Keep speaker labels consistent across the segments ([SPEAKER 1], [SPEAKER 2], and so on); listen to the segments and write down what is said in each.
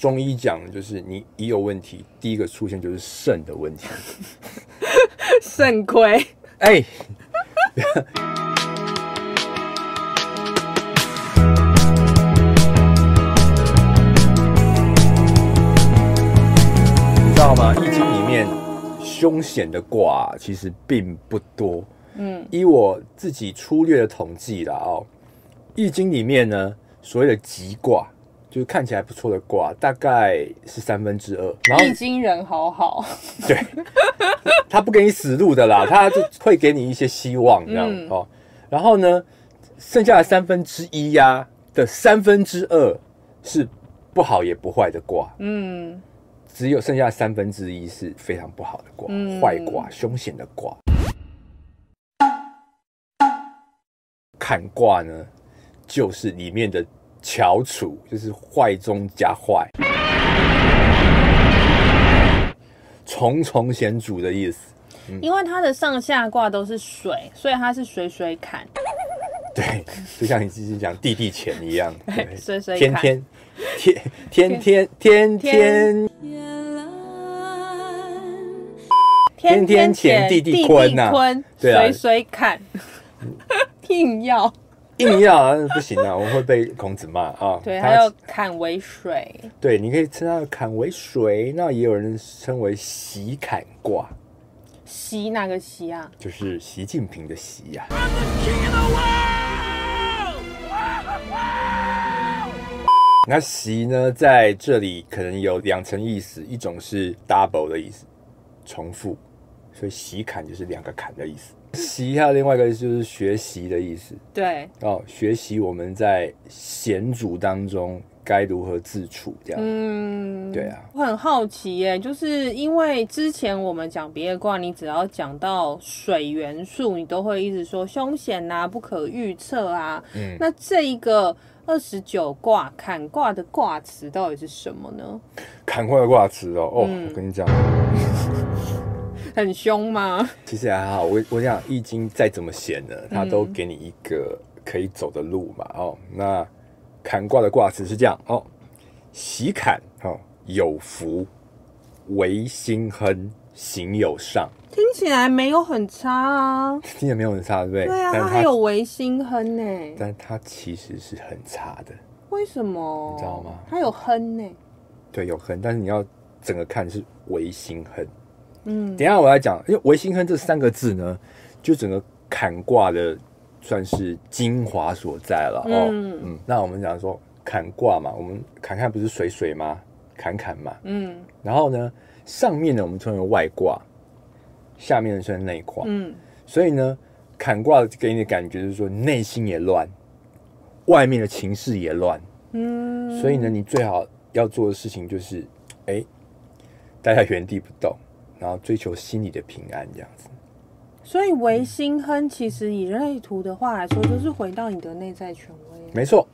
[SPEAKER 1] 中醫講，就是你一有問題，第一個出現就是腎的問題，
[SPEAKER 2] 腎 虧聖虧。
[SPEAKER 1] 哎、 欸，你 知道嗎？易經裡面凶險的卦其實並不多。嗯，依我自己粗略的統計啦哦，哦，易經裡面呢，所謂的吉卦。就是看起來不錯的卦，大概是三分之二。然後，易
[SPEAKER 2] 經人好好， 對，
[SPEAKER 1] 他不給你死路的啦，他就會給你一些希望，這樣、嗯、哦。然後呢，剩下的三分之一呀，的三分之二是不好也不壞的卦，嗯，只有剩下的三分之一是非常不好的卦，壞、嗯、卦、凶險的卦。坎、嗯、卦呢，就是裡面的。翹楚就是壞中加壞，重重險阻的意思。嗯、因
[SPEAKER 2] 為它的上下卦都是水，所以它是水水坎。
[SPEAKER 1] 對，就像你之前講地地乾一樣，對對水水天天天天天天天，天天天天天天乾地地坤坤，啊、對水水
[SPEAKER 2] 坎、啊嗯，硬要。
[SPEAKER 1] 你 要好、啊、不行啊， 我們會被孔子罵啊。對，還有
[SPEAKER 2] 坎為水。
[SPEAKER 1] 對，你可以稱它坎為水，那也有人稱為習坎卦。
[SPEAKER 2] 習哪個習啊？
[SPEAKER 1] 就是習近平的習呀、
[SPEAKER 2] 啊 。
[SPEAKER 1] 那習呢，在這裡可能有兩層意思，一種是 double 的意思，重複，所以習坎就是兩個坎的意思。習它的另外一個意思就是學習的意思，對，對哦，學習我們在險阻當中該如何自處，這樣，嗯，對啊，
[SPEAKER 2] 我很好奇耶、欸，就是因為之前我們講別的卦，你只要講到水元素，你都會一直說凶險啊，不可預測啊，嗯，那這一個二十九卦坎卦的卦辭到底是什麼
[SPEAKER 1] 呢？坎卦的卦辭哦，哦，我、嗯、跟你講。
[SPEAKER 2] 很凶嗎？
[SPEAKER 1] 其實還、啊、好，我我想《易經》再怎麼險呢，它都給你一個可以走的路嘛。嗯、哦，那坎卦的卦辭是這樣哦：習坎，哦，有孚，維心亨，行有尚。聽
[SPEAKER 2] 起來沒有很差啊，
[SPEAKER 1] 聽起來沒有很差，對不對？對啊，它，它還有
[SPEAKER 2] 維心亨呢。
[SPEAKER 1] 但它其實是很差的，
[SPEAKER 2] 為什麼？你知道嗎？它有亨呢。
[SPEAKER 1] 對，有亨，但是你要整個看是維心亨。嗯，等一下我來講，因為維心亨這三個字呢，就整個坎卦的算是精華所在了。哦。嗯，嗯，那我們講說坎卦嘛，我們坎坎不是水水嗎？坎坎嘛。嗯。然後呢，上面呢我們稱為外卦，下面稱為內卦。嗯。所以呢，坎卦給你的感覺就是說，內心也亂，外面的情勢也亂。嗯。所以呢，你最好要做的事情就是，哎、欸，待在原地不動。然後追求心理的平安，這樣子。
[SPEAKER 2] 所以維心亨其實以人類圖的話來說，就是回到你的內在權威。
[SPEAKER 1] 沒錯，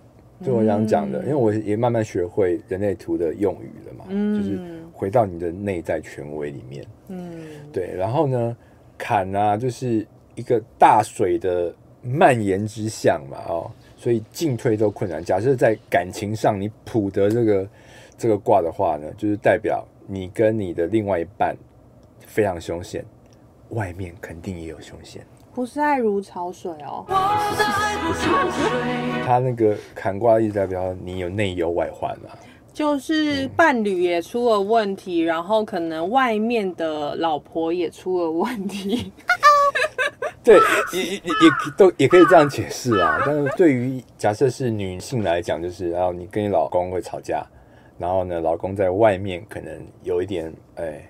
[SPEAKER 1] 就我想講的、嗯，因為我也慢慢學會人類圖的用語了嘛。嗯，就是回到你的內在權威裡面。嗯，對。然後呢，坎啊，就是一個大水的蔓延之象嘛，哦，所以進退都困難。假設在感情上你卜得這個這個卦的話呢，就是代表你跟你的另外一半。非常凶險，外面肯定也有凶險。
[SPEAKER 2] 不是愛如潮水哦。不
[SPEAKER 1] 是愛如潮水。 他那個坎卦意思代表你有內憂外患嘛？
[SPEAKER 2] 就是伴侶也出了問題、嗯，然後可能外面的老婆也出了問
[SPEAKER 1] 題。 對， 也也也都也可以這樣解釋啊。 但是對於假設是女性來講，就是啊，然後你跟你老公會吵架，然後呢，老公在外面可能有一點哎。欸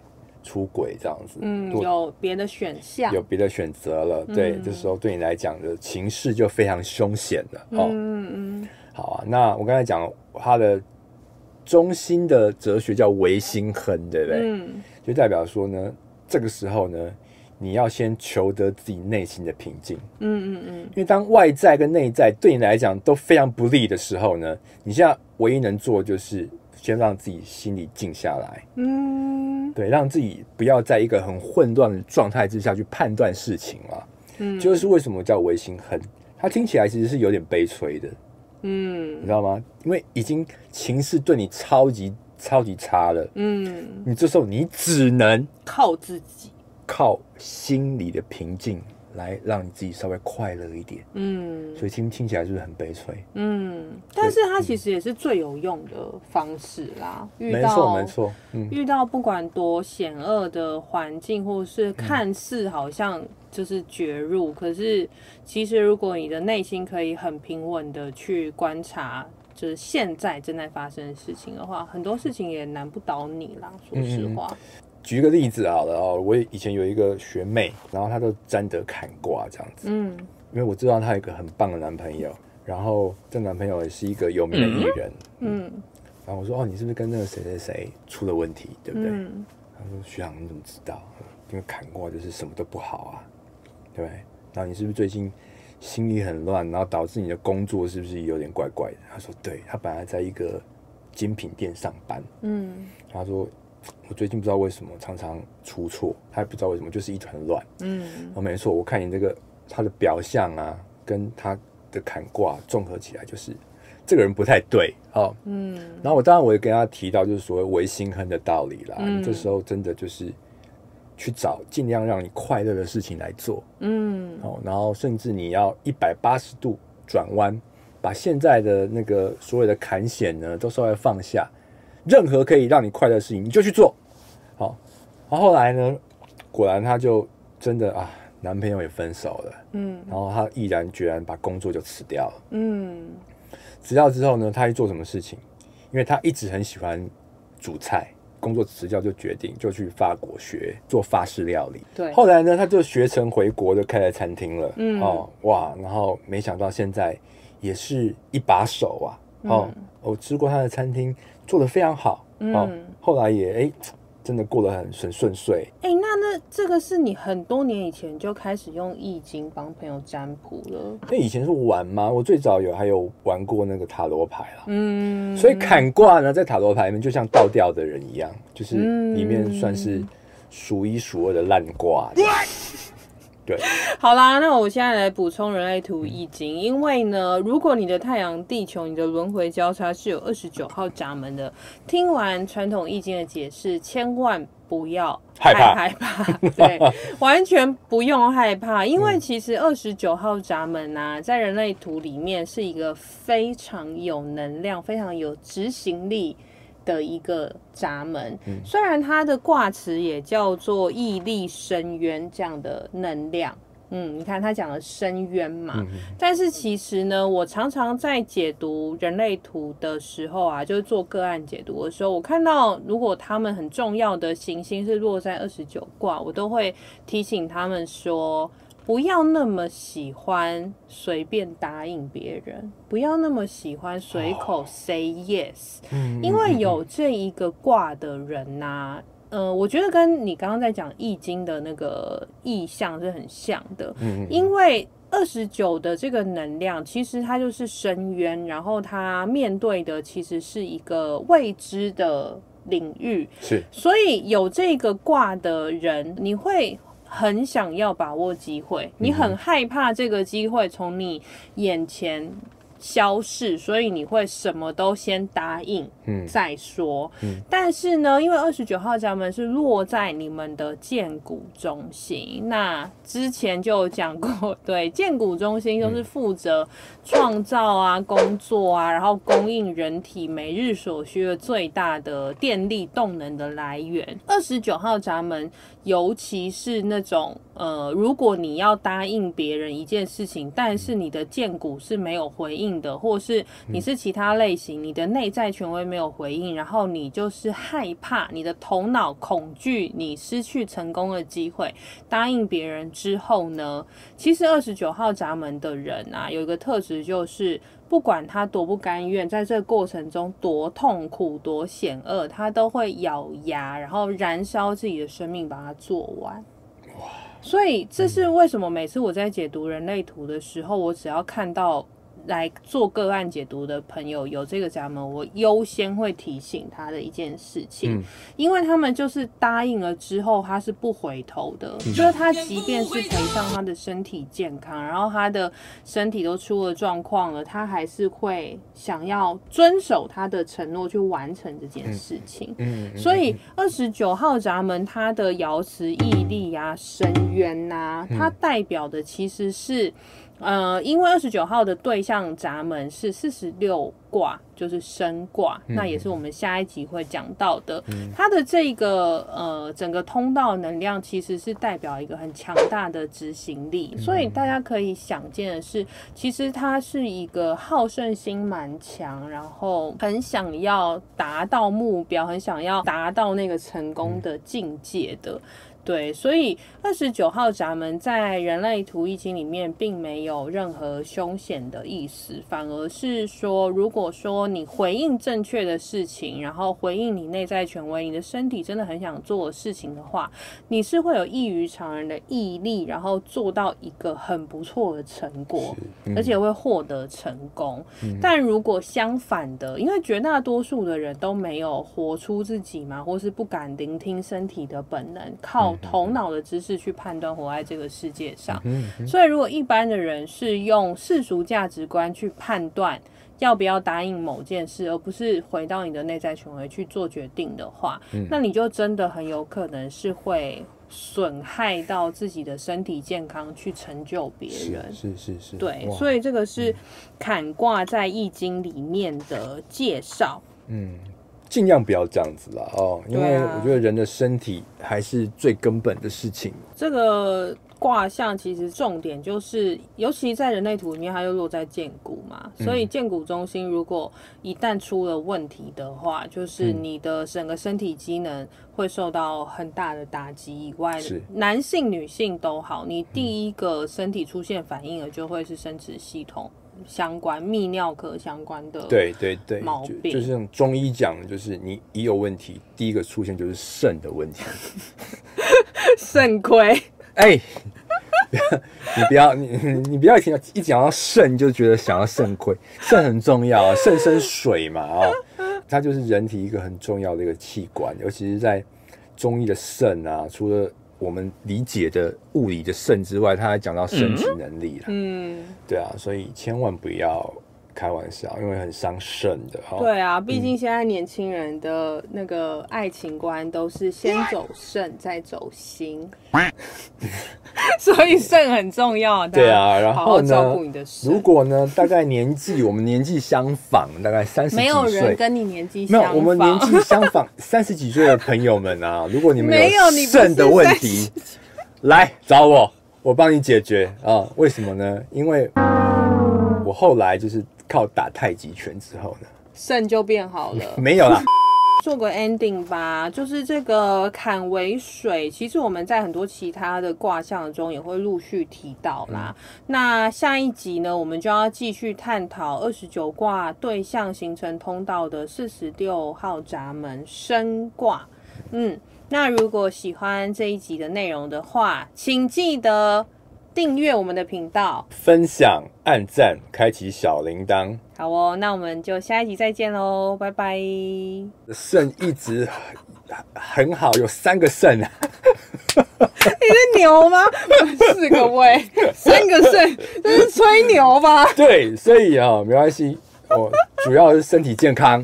[SPEAKER 1] 出軌這樣子，嗯，有
[SPEAKER 2] 別的選項，有
[SPEAKER 1] 別的選擇了，對、嗯，這時候對你來講的情勢就非常凶險了，哦，嗯嗯，好啊，那我剛才講他的中心的哲學叫維心亨，對不對？嗯，就代表說呢，這個時候呢，你要先求得自己內心的平靜，嗯嗯嗯，因為當外在跟內在對你來講都非常不利的時候呢，你現在唯一能做的就是先讓自己心裡靜下來，嗯。對，讓自己不要在一個很混亂的狀態之下去判斷事情嘛。嗯，就是為什麼叫“維心亨”，它聽起來其實是有點悲催的。嗯，你知道嗎？因為已經情勢對你超級超級差
[SPEAKER 2] 了。嗯，你
[SPEAKER 1] 這時候你只能
[SPEAKER 2] 靠，靠自己，
[SPEAKER 1] 靠心裡的平靜。來讓你自己稍微快樂一點，嗯，所以聽聽起來是不是很悲催？嗯，
[SPEAKER 2] 但是它其實也是最有用的方式啦。嗯、遇到沒錯沒
[SPEAKER 1] 錯、嗯，遇
[SPEAKER 2] 到不管多險惡的環境，或是看似好像就是絕路、嗯。可是其實如果你的內心可以很平穩的去觀察，就是現在正在發生的事情的話，很多事情也難不倒你啦。嗯、說實話。嗯嗯
[SPEAKER 1] 舉一個例子好了哦，我以前有一個學妹，然後她都占得坎卦這樣子，嗯，因為我知道她有一個很棒的男朋友，然後這男朋友也是一個有名的藝人嗯，嗯，然後我說哦，你是不是跟那個誰誰誰出了問題，對不對？嗯，她說徐航你怎麼知道？因為坎卦就是什麼都不好啊，對不對？然後你是不是最近心裡很亂，然後導致你的工作是不是有點怪怪的？她說對，她本來在一個精品店上班，嗯，她說。我最近不知道為什麼常常出錯，他也不知道為什麼就是一團亂。嗯，哦，沒錯，我看你這個他的表象啊，跟他的坎卦綜合起來，就是這個人不太對，哦，嗯，然後我當然我也跟他提到，就是所謂維心亨的道理啦。嗯，這時候真的就是去找盡量讓你快樂的事情來做。嗯，哦，然後甚至你要一百八十度轉彎，把現在的那個所有的坎險呢都稍微放下。任何可以讓你快樂的事情，你就去做。好，哦，然後啊，後來呢，果然他就真的啊，男朋友也分手了。嗯，然後他毅然決然把工作就辭掉了。嗯，辭掉之後呢，他去做什麼事情？因為他一直很喜歡煮菜，工作辭掉就決定就去法國學做法式料理。對。後來呢，他就學成回國就開了餐廳了。嗯，哦哇，然後沒想到現在也是一把手啊。嗯、哦，我吃過他的餐廳。做得非常好，嗯，哦，後來也誒、欸，真的過得很很順遂、
[SPEAKER 2] 欸。那那這個是你很多年以前就開始用易經幫朋友占卜了？那、欸、以前
[SPEAKER 1] 是玩嗎？我最早有還有玩過那個塔羅牌啦。嗯，所以坎卦呢，在塔羅牌裡面就像倒吊的人一樣，就是裡面算是數一數二的爛卦。嗯
[SPEAKER 2] 好啦，那我現在來補充人類圖易經、嗯，因為呢，如果你的太陽、地球、你的輪回交叉是有二十九號閘門的，聽完傳統易經的解釋，千萬不要害怕，害怕，對， 完全不用害怕，因為其實二十九號閘門吶、啊嗯，在人類圖裡面是一個非常有能量、非常有執行力。的一個閘門，雖然它的卦辭也叫做“屹立深淵”這樣的能量，嗯，你看他講的深淵嘛，但是其實呢，我常常在解讀人類圖的時候啊，就是做個案解讀的時候，我看到如果他們很重要的行星是落在二十九卦，我都會提醒他們說。不要那麼喜歡隨便答應別人，不要那麼喜歡隨口 say yes，Oh. 因為有這一個卦的人吶、啊，呃，我覺得跟你剛剛在講《易經》的那個意象是很像的， 因為二十九的這個能量，其實它就是深淵，然後它面對的其實是一個未知的領域，是，所以有這一個卦的人，你會。很想要把握機會，嗯，你很害怕這個機會從你眼前。消逝，所以你會什麼都先答應，嗯，再說。嗯，但是呢，因為二十九號閘門是落在你們的薦骨中心，那之前就有講過，對，薦骨中心就是負責創造啊、嗯、工作啊，然後供應人體每日所需的最大的電力動能的來源。二十九號閘門，尤其是那種呃，如果你要答應別人一件事情，但是你的薦骨是沒有回應。的，或是你是其他類型，你的內在權威沒有回應，嗯，然後你就是害怕，你的頭腦恐懼你失去成功的機會。答應別人之後呢，其實二十九號閘門的人啊，有一個特質就是，不管他多不甘願，在這個過程中多痛苦、多險惡，他都會咬牙，然後燃燒自己的生命把它做完。哇！所以這是為什麼每次我在解讀人類圖的時候，我只要看到來做個案解讀的朋友有這個閘門，我優先會提醒他的一件事情、嗯，因為他們就是答應了之後，他是不回頭的，就、嗯、是他即便是賠上他的身體健康，然後他的身體都出了狀況了，他還是會想要遵守他的承諾去完成這件事情。嗯，嗯嗯嗯，所以二十九號閘門，它的瑤池、毅力呀、啊、深淵吶、啊嗯，它代表的其實是。呃，因為二十九號的對象閘門是四十六卦，就是升卦、嗯，那也是我們下一集會講到的。它、嗯、的這個呃，整個通道能量其實是代表一個很強大的執行力、嗯，所以大家可以想見的是，其實它是一個好勝心蠻強，然後很想要達到目標，很想要達到那個成功的境界的。嗯對，所以二十九號閘門在人類圖易經裡面並沒有任何凶險的意思，反而是說，如果說你回應正確的事情，然後回應你內在權威，你的身體真的很想做的事情的話，你是會有異於常人的毅力，然後做到一個很不錯的成果，嗯、而且會獲得成功、嗯。但如果相反的，因為絕大多數的人都沒有活出自己嘛，或是不敢聆聽身體的本能，靠。嗯、頭腦的知識去判斷活在這個世界上，嗯嗯，所以如果一般的人是用世俗價值觀去判斷要不要答應某件事，而不是回到你的內在權威去做決定的話，嗯，那你就真的很有可能是會損害到自己的身體健康，去成就別人。是是
[SPEAKER 1] 是，是，對，所以
[SPEAKER 2] 這個是坎卦在易經裡面的介紹。嗯。嗯
[SPEAKER 1] 盡量不要這樣子了哦、啊，因為我覺得人的身體還是最根本的事情。
[SPEAKER 2] 這個卦象其實重點就是，尤其在人類圖裡面，它又落在薦骨嘛，所以薦骨中心如果一旦出了問題的話，嗯、就是你的整個身體機能會受到很大的打擊。以外，是男性、女性都好，你第一個身體出現反應的就會是生殖系統。相關泌尿科、相關的，對
[SPEAKER 1] 對對毛病，就是用中醫講，就是你一有問題，第一個出現就是腎的問題，
[SPEAKER 2] 腎 虧 。
[SPEAKER 1] 哎、欸，你不要你你不要一講一講到腎就覺得想要腎虧，腎很重要，啊，腎生水嘛啊，哦，它就是人體一個很重要的一個器官，尤其是在中醫的腎啊，除了我們理解的物理的腎之外，他還講到生殖能力啦。嗯，對啊，所以千萬不要開玩笑，因為很傷腎的喔。對
[SPEAKER 2] 啊，畢竟現在年輕人的那個愛情觀都是先走腎再走心。嗯 所以腎很重要，要好好照顧你的腎，對啊，然後呢？
[SPEAKER 1] 如果呢，大概年紀我們年紀相仿，大概三十幾歲，沒有人跟
[SPEAKER 2] 你年紀相仿，沒有我們年紀
[SPEAKER 1] 相仿 三十幾歲的朋友們啊，如果你們有腎的問題，來找我，我幫你解決啊？為什麼呢？因為我後來就是靠打太極拳之後呢，
[SPEAKER 2] 腎就變好了，沒有啦。 做個 ending 吧，就是這個坎為水，其實我們在很多其他的卦象中也會陸續提到啦。那下一集呢，我們就要繼續探討二十九卦對象形成通道的四十六號閘門升卦。嗯，那如果喜歡這一集的內容的話，請記得。訂閱我們的頻道，
[SPEAKER 1] 分享、按讚、開啟小鈴鐺，
[SPEAKER 2] 好哦。那我們就下一集再見嘍，拜拜。
[SPEAKER 1] 腎一直很很好，有三個腎
[SPEAKER 2] 你是牛嗎？ 四個胃， 三個腎腎， 這是吹牛吧？
[SPEAKER 1] 對，所以啊、哦，沒關係，我主要是身體健康。